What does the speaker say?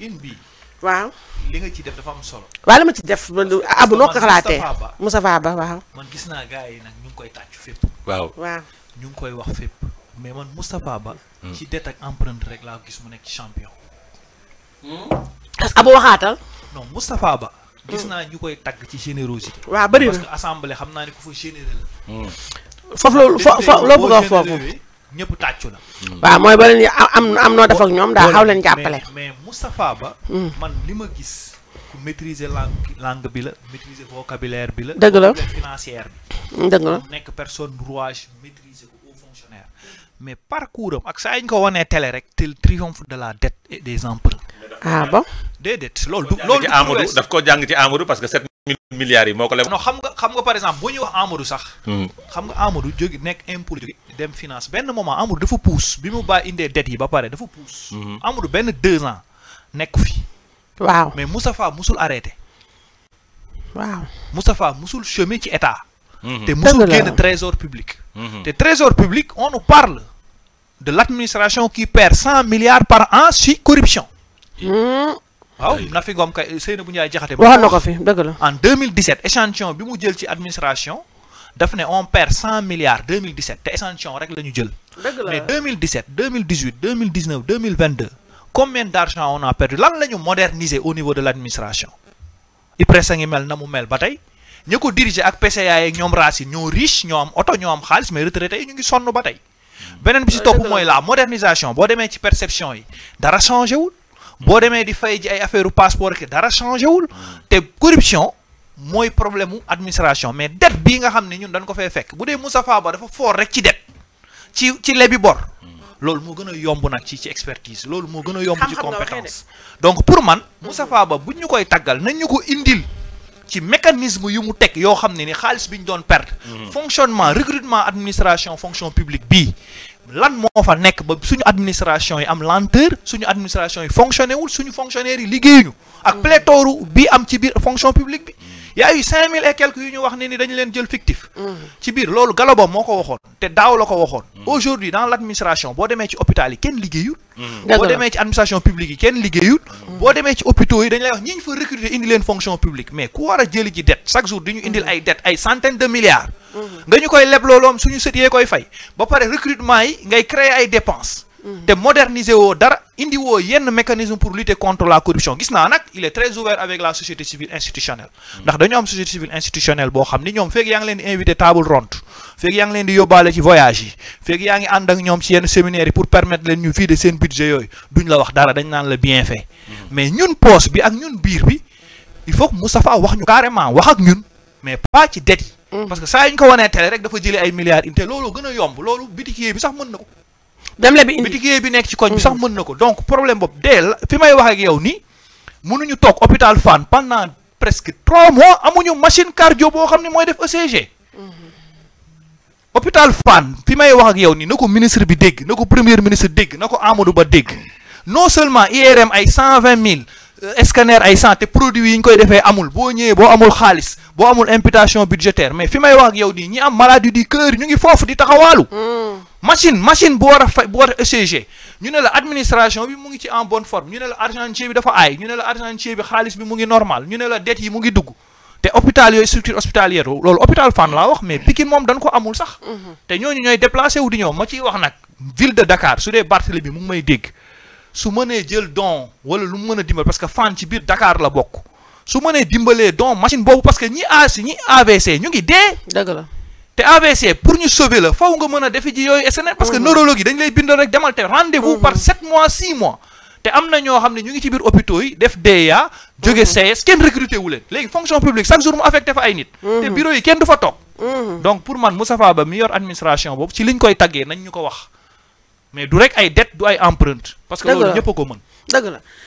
une bi waaw li nga ci def dafa am solo. waaw li ma ci def man abu noo ko xalaatee Moustapha Ba waaw. man gis naa gars yi nag ñu ngi koy tàcc fépp. waaw waaw ñu ngi koy wax fépp. mais man Moustapha Ba. Hmm. ci det ak empreinte rek laa gis mu nekk ci champion. parce hmm? que abu waxaatal. non Moustapha Ba. gis naa ñu koy tagg ci générosité. waaw bëri na parce que assemblée xam naa ne ku fa généreux la. Hmm. loolu foo loo bëgg foofu. ñëpp tàccu la. Hmm. waaw mooy ba leen am am noo def ak ñoom daa xaw leen jàppale. mais Moustapha Ba. Hmm. man li ma gis ku maîtriser langue langue bi la maîtriser vocabulaire bi la. dëgg la financière bi. Hmm, dëgg la nekk personne rouage maîtriser ko au fonctionnaire mais parcours am ak saa yi ñu ko wanee télé rek tel triomphe de la dette et des emprunts. ah bon déedéet loolu du loolu Amadou daf ko jàng ci Amadou parce que sept mille milliards yi moo ko non xam nga xam nga par exemple bu wax Amadou sax hmm. xam nga Amadou jógi nek impôt jógi dem finance ben moment Amadou dafa pousse bi mu baa indee dettes yi ba paré dafa pousse hmm. Amadou ben 2 ans nek fi waaw mais Moustapha musul arrêté waaw Moustapha musul chemin ci état hmm. té musul génn trésor public té trésor public on nous parle de l'administration qui perd 100 milliards par an sur corruption en 2017 échantillon bi mu jël ci administration. daf on perd 100 milliards 2017 te échantillon rek la jël. mais 2017 2018 2019 2022 combien d'argent on a perdu lan la ñu moderniser au niveau de l'administration prennent presse ngi mel na mu mel ba tey ñi ko diriger ak PCA ils ñom Racine ñoo riche ñoo am auto ñoo am xaalis mais retraité yi ñu ngi sonn ba tey. Hmm. bi ci top la modernisation boo ci perception yi dara changé wul. Si vous di fay un passeport qui dara changé La corruption, corruption le problème de administration mais dette bii nga xam ñun dañ ko fay fait dette ci ci lebi bor expertise vous avez compétence donc pour man Moussafa Ba si nous koy tàggal nous ko indil le mécanisme yu mu teg yoo xam ni bi fonctionnement, mm-hmm. fonctionnement recrutement administration fonction publique lan mo fa nek ba suñu administration yi am lenteur suñu administration yi fonctionné wul suñu fonctionnaire yi liggéeyuñu ak pléthore bi am ci bir fonction publique y a eu cinq mille et quelques yu ñu wax ne ni dañu leen jël fictif. Mm. ci biir loolu Gallo moo ko waxoon. te daaw la ko waxoon. Mm. aujourd'hui dans l' administration boo demee ci hôpital yi kenn liggéeyut. Mm. boo demee ci administration publique yi kenn liggéeyut. boo demee ci hôpitaux yi dañu lay wax ñi ñu fa recruter indi leen fonction publique mais ku war a jëli ci dette chaque jour di ñu indil ay dette ay centaines de milliards. nga ñu koy leb looloom suñu sët yee koy fay ba pare recrutement yi ngay créer ay dépenses. de mhm. moderniser au dara indi woo yenn mécanisme pour lutter contre la corruption gis naa il est très ouvert avec la société civile institutionnelle mhm. ndax dañu am société civile institutionnelle bo xamni ñom fek feeg ngi leen invité table ronde fek yaa ngi leen di yóbbaale ci voyage yi fek yaa ngi ànd ak ñom ci yenn séminaire pour permettre leen ñu de sen budget yoy duñ la wax dara dañ naan la bien fait mhm. mais ñun poste bi ak ñun biir bi il faut que Moustapha wax ñu carrément wax ak ñun mais pas ci dette parce que ça ñu ko wanee télé rek dafa jëlee ay milliards te loolu gën yomb lolu bitiki bi sax mën nako dem la bi indi bitigéey bi nekk ci koñ bi sax mm. mën na ko donc problème boobu la fi may wax ak yow nii mënuñu toog hôpital Fann pendant presque trois mois amuñu machine cardio boo xam ne mooy def ECG. Mm-hmm. hôpital Fann fi may wax ak yow nii na ko ministre bi dégg na ko premier ministre dégg na ko Amadou Ba dégg non seulement IRM ay cent vingt mille euh, scanner ay santé produit yi ñu koy defee amul boo ñëwee boo amul xaalis boo amul imputation budgétaire mais fi may wax ak yow nii ñi am maladie du cœur ñu ngi foofu di taxawaalu. Mm. machine machine bu war a fay bu war a ECG ñu ne la administration bi mu ngi ci en bonne forme ñu ne la argentier bi dafa aay ñu ne la argentier bi xaalis bi mu ngi normal ñu ne la dette yi mu ngi dugg te hôpital yooyu structure hospitalière loolu hôpital fan laa wax mais Pikine moom dañ ko amul sax. Mhm. te ñooñu ñooy déplacé wu di ñëw ma ciy wax nag ville de Dakar su dee Barthélemy bi mu ngi may dégg su mënee jël don wala lu mu mën a dimbal parce que Fann ci biir Dakar la bokk su mënee dimbalee don machine boobu parce que ñi AS ñi AVC ñu ngi la. te AVC pour ñu sauver la faw nga mën a defi ji yooyu SNL parce que mmh. neurologie dañ lay bindal rek demal te rendez-vous mmh. par 7 mois 6 mois te am na ñoo xam ne ñu ngi ci biir hôpitaux yi def DEA jóge mmh. CS kenn recruté leen léegi fonction publique chaque jour mu affecté fa ay nit te bureau yi kenn du fa toog donc pour man Moustapha Ba mi yor administration boobu ci liñ koy taggee nañ ñu ko wax mais du rek ay dette du ay empreinte parce que loolu ko mën dëgg la